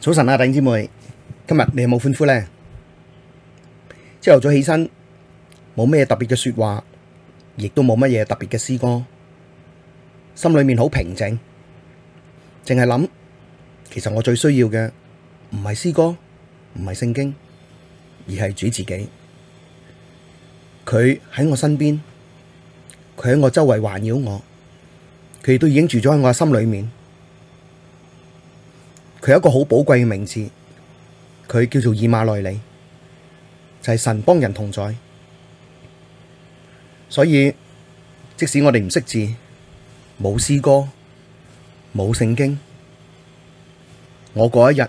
早晨啊，弟兄姊妹，今日你有冇歡呼咧？朝頭早起身，冇咩特別嘅說話，亦都冇乜嘢特別嘅詩歌，心裏面好平靜，淨係諗，其實我最需要嘅唔係詩歌，唔係聖經，而係主自己。佢喺我身邊，佢喺我周圍環繞我，佢都已經住咗喺我嘅心裏面。佢有一個好寶貴嘅名字，佢叫做以馬內利，就係神幫人同在。所以即使我哋唔識字、冇詩歌、冇聖經，我嗰一日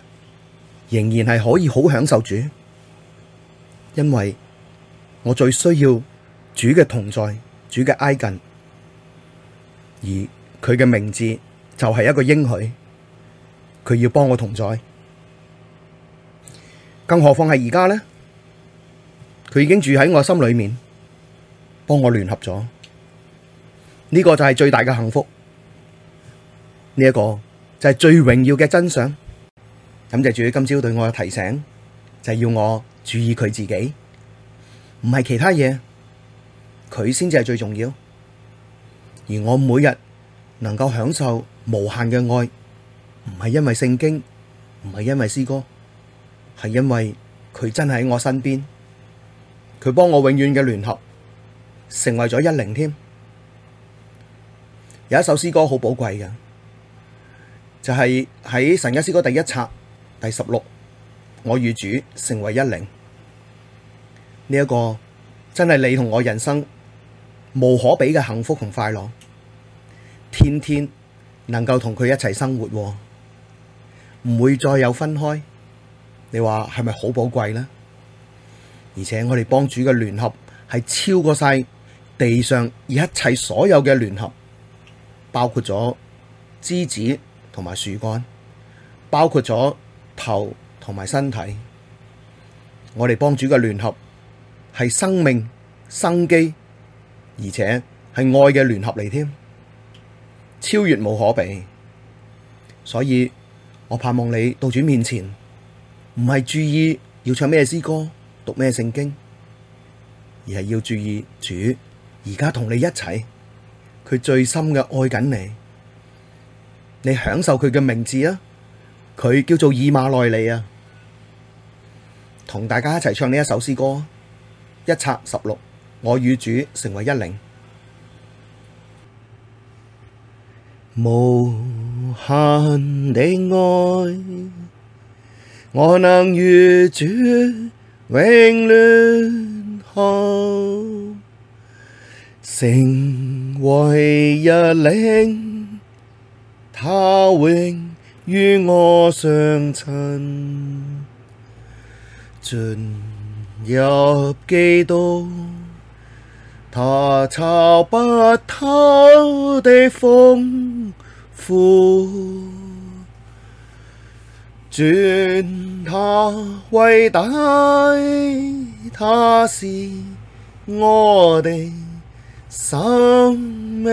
仍然係可以好享受主，因為我最需要主嘅同在、主嘅挨近，而佢嘅名字就係一個應許。佢要幫我同在，更何況係而家呢？佢已經住喺我心裏面，幫我聯合咗，呢、這個就係最大嘅幸福，呢、這、一個就係最榮耀嘅真相。感謝主住喺今朝對我嘅提醒，就係、是、要我注意佢自己，唔係其他嘢，佢先至係最重要。而我每日能夠享受無限嘅愛。唔係因為聖經，唔係因為詩歌，係因為佢真係喺我身邊，佢幫我永遠嘅聯合，成為咗一靈添。有一首詩歌好寶貴嘅，就係喺《神家詩歌》第一冊第十六，我與主成為一靈。呢一個，真係你同我人生無可比嘅幸福同快樂，天天能夠同佢一齊生活。唔會再有分開，你話係咪好寶貴呢？而且我哋幫主嘅聯合係超過晒地上一切所有嘅聯合，包括咗枝子同埋樹幹，包括咗頭同埋身體。我哋幫主嘅聯合係生命生機，而且係愛嘅聯合嚟添，超越，冇可比，所以。我盼望你到主面前，唔係注意要唱咩詩歌、讀咩聖經，而係要注意主而家同你一齊，佢最深嘅愛緊你，你享受佢嘅名字啊！佢叫做以馬內利啊！同大家一齊唱呢一首詩歌，一冊十六，我與主成為一靈，冇。無限的愛，我能與主永聯合，成為一靈，他永與我相親。進入基督，他測不透的豐富。父，尊祂為大，祂是我哋生命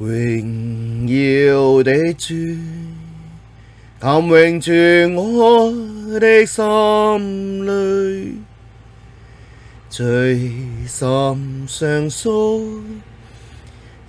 榮耀的主，今永住我的心裡，最深相屬。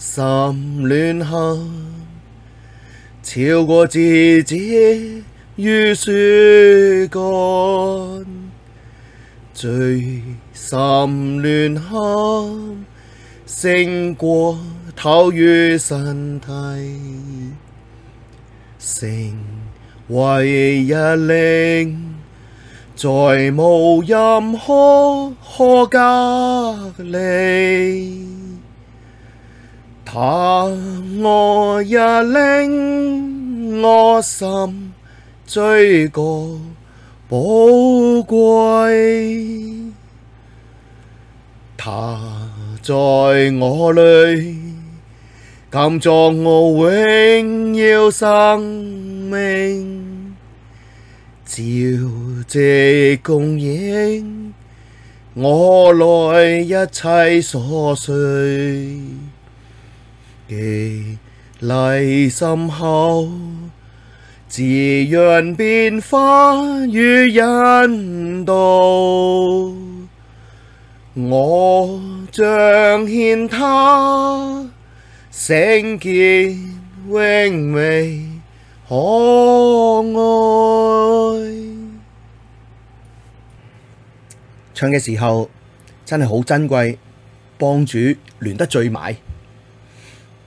更深聯合，超過枝子與樹幹，最深聯合，勝過頭與身體，成為一靈，再無任何可隔離。祂我一靈，我心最覺寶貴，他在我裡，今作我榮耀生命，朝夕供應，我內一切所需。激勵深厚，滋潤、變化與引導。我彰顯祂聖潔榮美可愛。唱嘅時候真係好珍貴，幫主聯得最埋。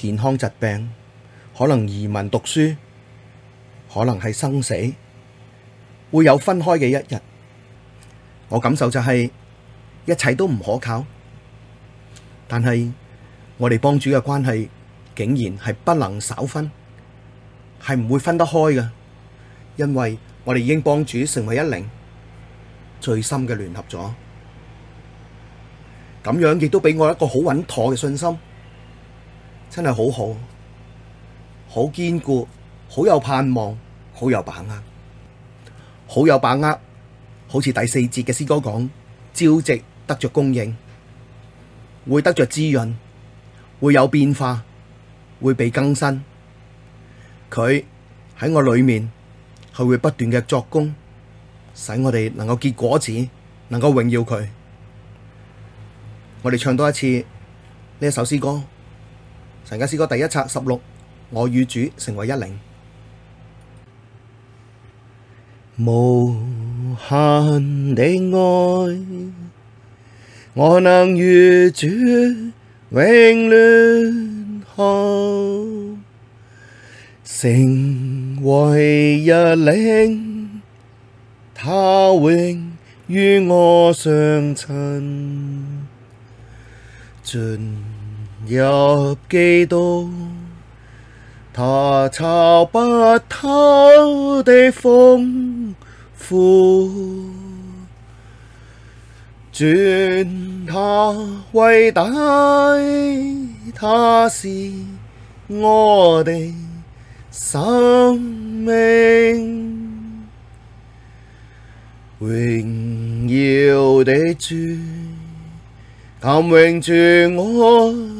健康疾病，可能移民讀書，可能係生死，會有分開嘅一日。我感受就係一切都唔可靠，但係我哋幫主嘅關係竟然係不能稍分，係唔會分得開嘅，因為我哋已經幫主成為一靈最深嘅聯合咗，咁樣亦都俾我一個好穩妥嘅信心。真係好好，好堅固，好有盼望，好有把握，好有把握。好似第四節嘅詩歌講：朝夕得着供應，會得着滋潤，會有變化，會被更新。佢喺我裏面，佢會不斷嘅作工，使我哋能夠結果子，能夠榮耀佢。我哋唱多一次呢一首詩歌。大家神家詩歌第一冊十六，我與主成為一靈，無限的愛，我能與主永聯合，成為一靈，他永與我相親。進。入基督，他測不透的豐富，尊他為大，他是我的生命，榮耀的主，今永住我。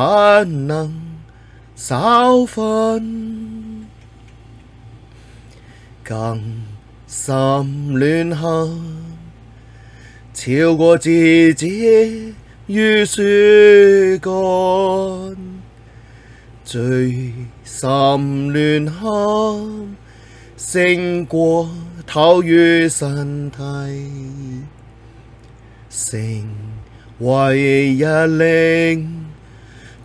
不能稍分，更深聯合，超過枝子與樹幹，最深聯合，勝過頭與身體，成為一靈。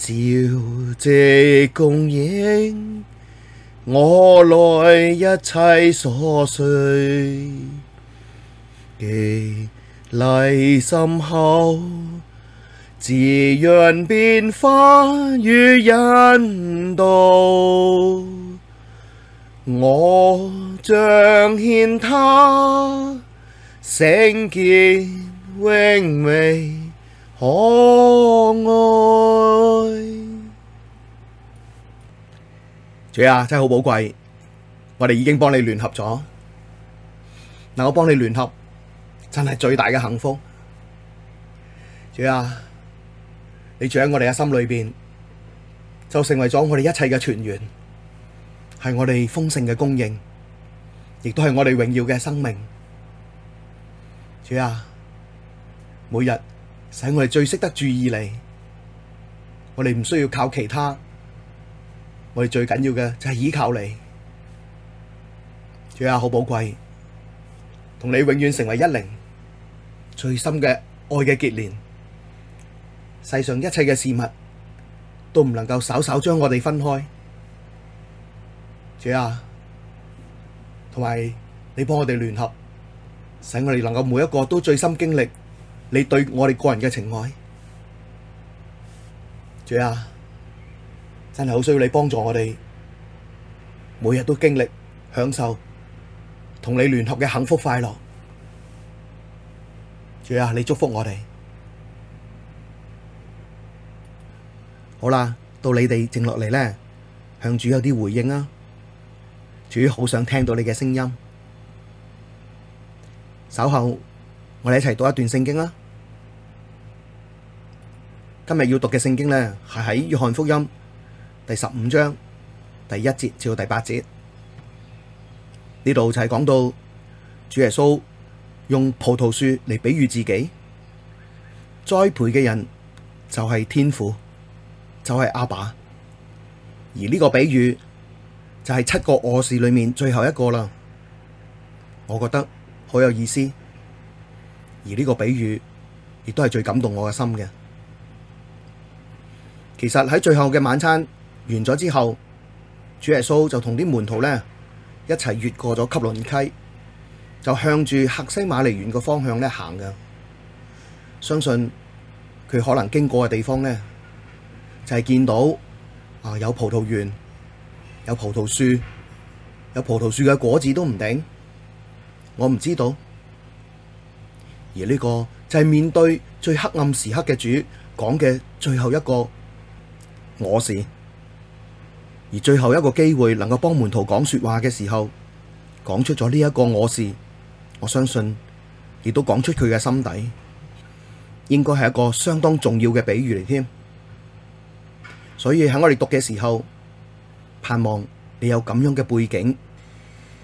朝夕供應，我內一切所需。激勵深厚，滋潤變化與引導。我彰顯祂聖潔榮美，可愛。主啊，真係好寶貴。我哋已經幫你聯合咗，嗱，我幫你聯合，真係最大嘅幸福。主啊，你住喺我哋嘅心裏邊，就成為咗我哋一切嘅泉源，係我哋豐盛嘅供應，亦都係我哋榮耀嘅生命。主啊，每日。使我哋最識得注意你，我哋唔需要靠其他，我哋最緊要嘅就係依靠你。主啊，好寶貴，同你永遠成為一靈，最深嘅愛嘅結連。世上一切嘅事物都唔能夠稍稍將我哋分開。主啊，同埋你幫我哋聯合，使我哋能夠每一個都最深經歷。你對我哋個人嘅情愛，主啊，真係好需要你幫助我哋，每日都經歷、享受同你聯合嘅幸福快樂。主啊，你祝福我哋。好啦，到你哋靜落嚟咧，向主有啲回應啊！主好想聽到你嘅聲音，稍後我哋一齊讀一段聖經啦。今日要讀嘅聖經呢，係喺約翰福音第十五章第一節至到第八節，呢度就係講到主耶穌用葡萄樹嚟比喻自己，栽培嘅人就係天父，就係阿爸，而呢個比喻就係七個我是裡面最後一個啦。我覺得好有意思，而呢個比喻亦都係最感動我嘅心嘅。其實喺最後嘅晚餐完咗之後，主耶穌就同啲門徒咧一齊越過咗汲淪溪，就向住赫西馬尼園個方向咧行嘅。相信佢可能經過嘅地方呢，就係見到啊有葡萄園、有葡萄樹、有葡萄樹嘅果子都唔頂，我唔知道。而呢個就係面對最黑暗時刻嘅主講嘅最後一個。我是，而最後一個機會能夠幫門徒講說話嘅時候，講出咗呢一個我是，我相信亦都講出佢嘅心底，應該係一個相當重要嘅比喻嚟添。所以喺我哋讀嘅時候，盼望你有咁樣嘅背景，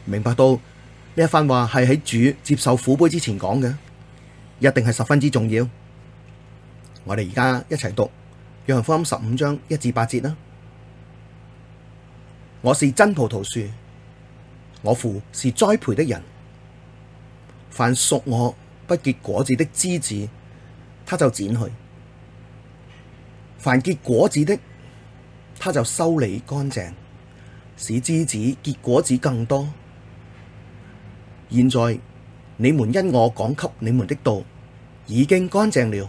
明白到呢一番話係喺主接受苦杯之前講嘅，一定係十分之重要。我哋而家一齊讀。約翰福音十五章一至八節啦。我是真葡萄樹，我父是栽培的人。凡屬我不結果子的枝子，他就剪去；凡結果子的，他就修理乾淨，使枝子結果子更多。現在你們因我講給你們的道，已經乾淨了。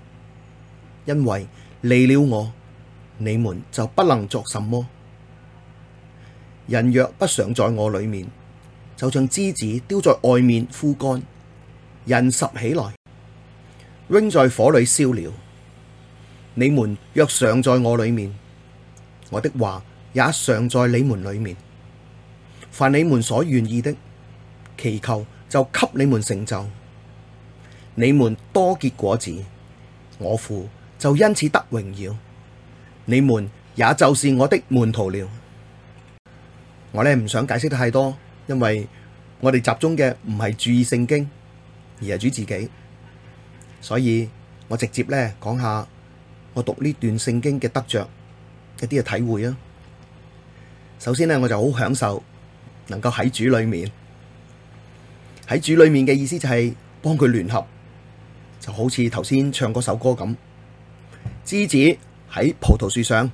因為離了我，你們就不能作什麼。人若不常在我裡面，就像枝子丟在外面枯乾，人拾起來，扔在火裡燒了。你們若常在我裡面，我的話也常在你們裡面。凡你們所願意的祈求，就給你們成就。你們多結果子，我父。就因此得榮耀，你們也就是我的門徒了。我呢唔想解釋太多，因為我哋集中嘅唔係注意聖經，而係主自己。所以我直接呢講下我讀呢段聖經嘅得着一啲嘅體會啊。首先呢，我就好享受能夠喺主裏面，喺主裏面嘅意思就係幫佢聯合，就好似頭先唱嗰首歌咁。枝子喺葡萄樹上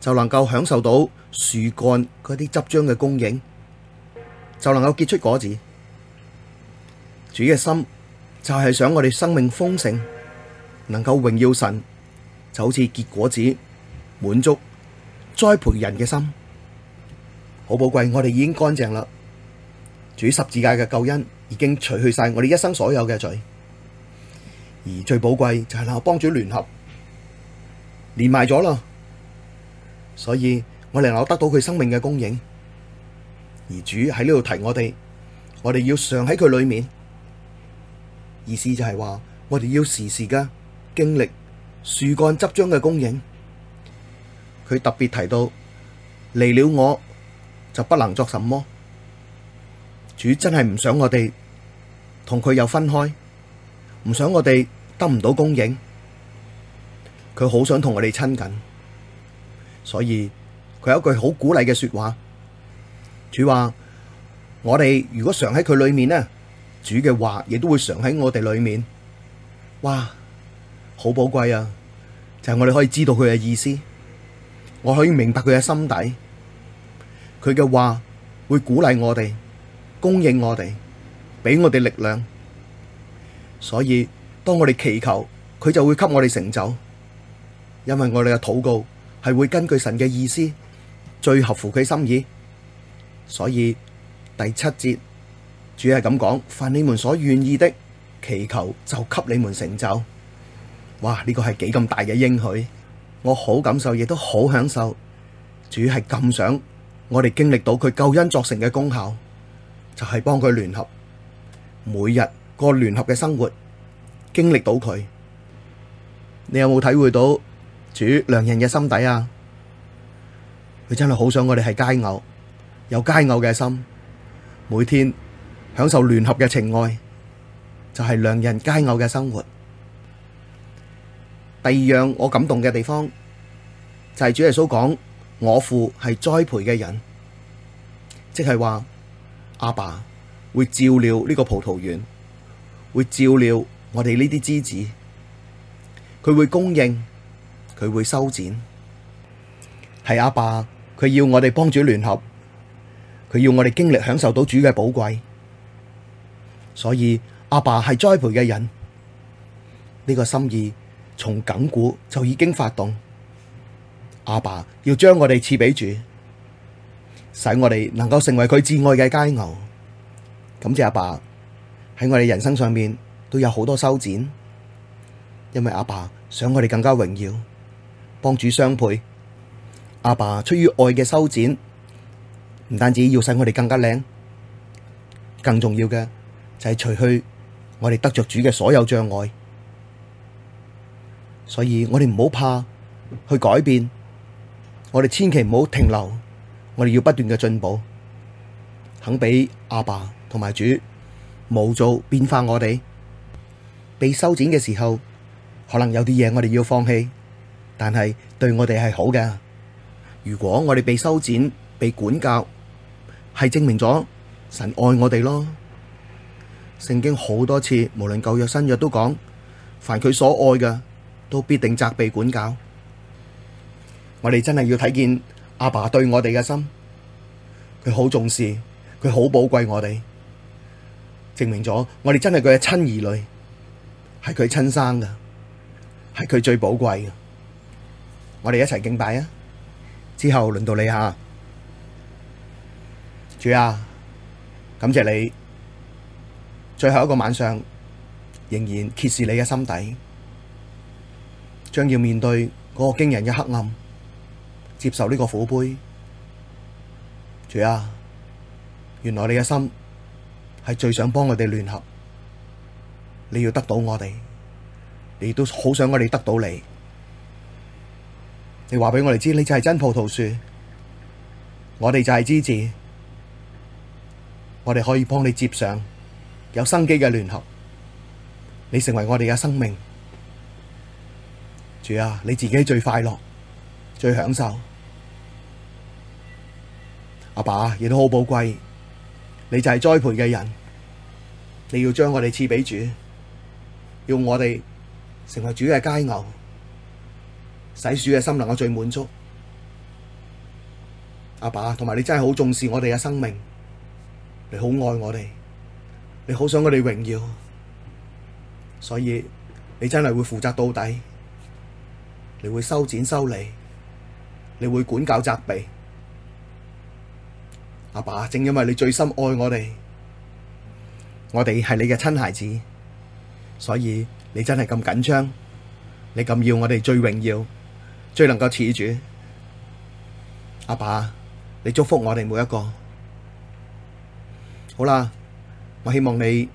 就能夠享受到樹幹嗰啲汁漿嘅供應，就能夠結出果子。主嘅心就係想我哋生命豐盛，能夠榮耀神，就好似結果子，滿足栽培人嘅心。好寶貴，我哋已經乾淨啦。主十字架嘅救恩已經除去晒我哋一生所有嘅罪，而最寶貴就係能幫主聯合。連埋咗啦，所以我哋能夠得到佢生命嘅供應，而主喺呢度提我哋，我哋要常喺佢裡面，意思就係話我哋要時時嘅經歷樹幹執章嘅供應。佢特別提到離了我就不能作什麼，主真係唔想我哋同佢又分開，唔想我哋得唔到供應。佢好想同我哋親近，所以佢有一句好鼓勵嘅說話。主話：我哋如果常喺佢裏面呢，主嘅話亦都會常喺我哋裏面。哇，好寶貴啊！就係、是、我哋可以知道佢嘅意思，我可以明白佢嘅心底。佢嘅話會鼓勵我哋，供應我哋，俾我哋力量。所以當我哋祈求，佢就會給我哋成就。因為我哋嘅禱告係會根據神嘅意思，最合乎佢心意，所以第七節，主要係咁講：凡你們所願意的，祈求就給你們成就。哇！呢、這個係幾咁大嘅應許，我好感受，亦都好享受。主要係咁想，我哋經歷到佢救恩作成嘅功效，就係、是、幫佢聯合，每日過聯合嘅生活，經歷到佢。你有冇體會到？主良人嘅心底啊，佢真係好想我哋係佳偶，有佳偶嘅心，每天享受聯合嘅情愛，就係良人佳偶嘅生活。第二樣我感動嘅地方就係主耶穌講我父係栽培嘅人，即係話阿爸會照料呢個葡萄園，會照料我哋呢啲枝子，佢會供應。佢會修剪，係阿爸，佢要我哋幫主聯合，佢要我哋經歷享受到主嘅寶貴，所以阿爸係栽培嘅人，呢、這個心意從亙古就已經發動。阿爸要將我哋賜俾主，使我哋能夠成為佢至愛嘅佳偶。感謝阿爸喺我哋人生上面都有好多修剪，因為阿爸想我哋更加榮耀。幫主相配，阿爸出於愛嘅修剪，唔單止要使我哋更加靚，更重要嘅就係除去我哋得着主嘅所有障礙。所以我哋唔好怕去改變，我哋千祈唔好停留，我哋要不斷嘅進步，肯俾阿爸同埋主無做變化我哋。被修剪嘅時候，可能有啲嘢，我哋要放棄。但係對我哋係好嘅。如果我哋被修剪、被管教，係證明咗神愛我哋咯。聖經好多次，無論舊約、新約都講，凡佢所愛嘅，都必定責備管教。我哋真係要睇見阿爸對我哋嘅心，佢好重視，佢好寶貴我哋，證明咗我哋真係佢嘅親兒女，係佢親生嘅，係佢最寶貴嘅。我哋一齊敬拜啊！之後輪到你哈，主啊，感謝你最後一個晚上仍然揭示你嘅心底，將要面對嗰個驚人嘅黑暗，接受呢個苦杯。主啊，原來你嘅心係最想幫我哋聯合，你要得到我哋，你亦都好想我哋得到你。你話俾我哋知，你就係真葡萄樹，我哋就係枝子，我哋可以幫你接上有生機嘅聯合，你成為我哋嘅生命。主啊，你自己最快樂，最享受，阿爸亦都好寶貴，你就係栽培嘅人，你要將我哋賜俾主，要我哋成為主嘅佳偶。洗鼠嘅心能我最滿足。阿爸，同埋你真係好重視我哋嘅生命，你好愛我哋，你好想我哋榮耀，所以你真係會負責到底，你會修剪修理，你會管教責備。阿爸，正因為你最深愛我哋，我哋係你嘅親孩子，所以你真係咁緊張，你咁要我哋最榮耀。最能夠侍住阿爸，你祝福我哋每一個。好啦，我希望你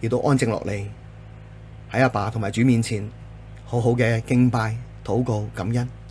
亦都安靜落嚟，喺阿爸同埋主面前，好好嘅敬拜、禱告、感恩。